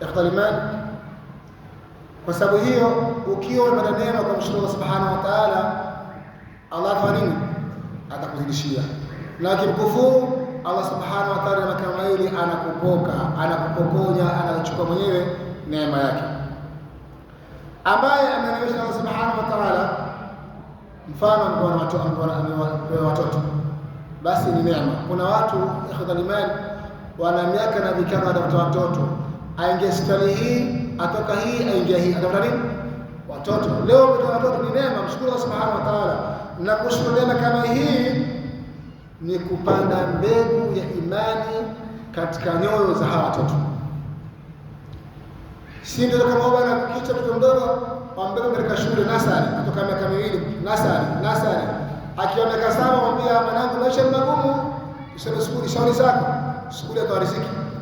ikhtalimani kwa sababu hiyo ukiwa umepata neema kwa mshukuru subhanahu wa ta'ala Allah afanya nini atakuzidishia na ukimkufuru Allah subhanahu wa ta'ala kama yule anakupoka anakupokonya anachukua mwenyewe neema yake ambaye ameneemesha Allah subhanahu wa ta'ala mfano alikuwa watu watoto amepewa watoto basi ni neema kuna watu ikhwanimani wana miaka na vikana watoto watoto aingia hospitali hii, atoka hii, aingia hii, atafuta nini? Watoto. Leo umetoa watoto ni neema, mshukuru Allah subhanahu wa ta'ala. Na kushukuru neema kama hii ni kupanda mbegu ya imani katika nyoyo za hawa watoto, si ndio? Kama bwana kukicha mtoto mdogo ambaye katika shule nasari, kutoka miaka miwili nasari, nasari akiwa miaka saba, mwambie mwanangu, maisha ni magumu, useme sukuli shauri zako, sukuli atoa riziki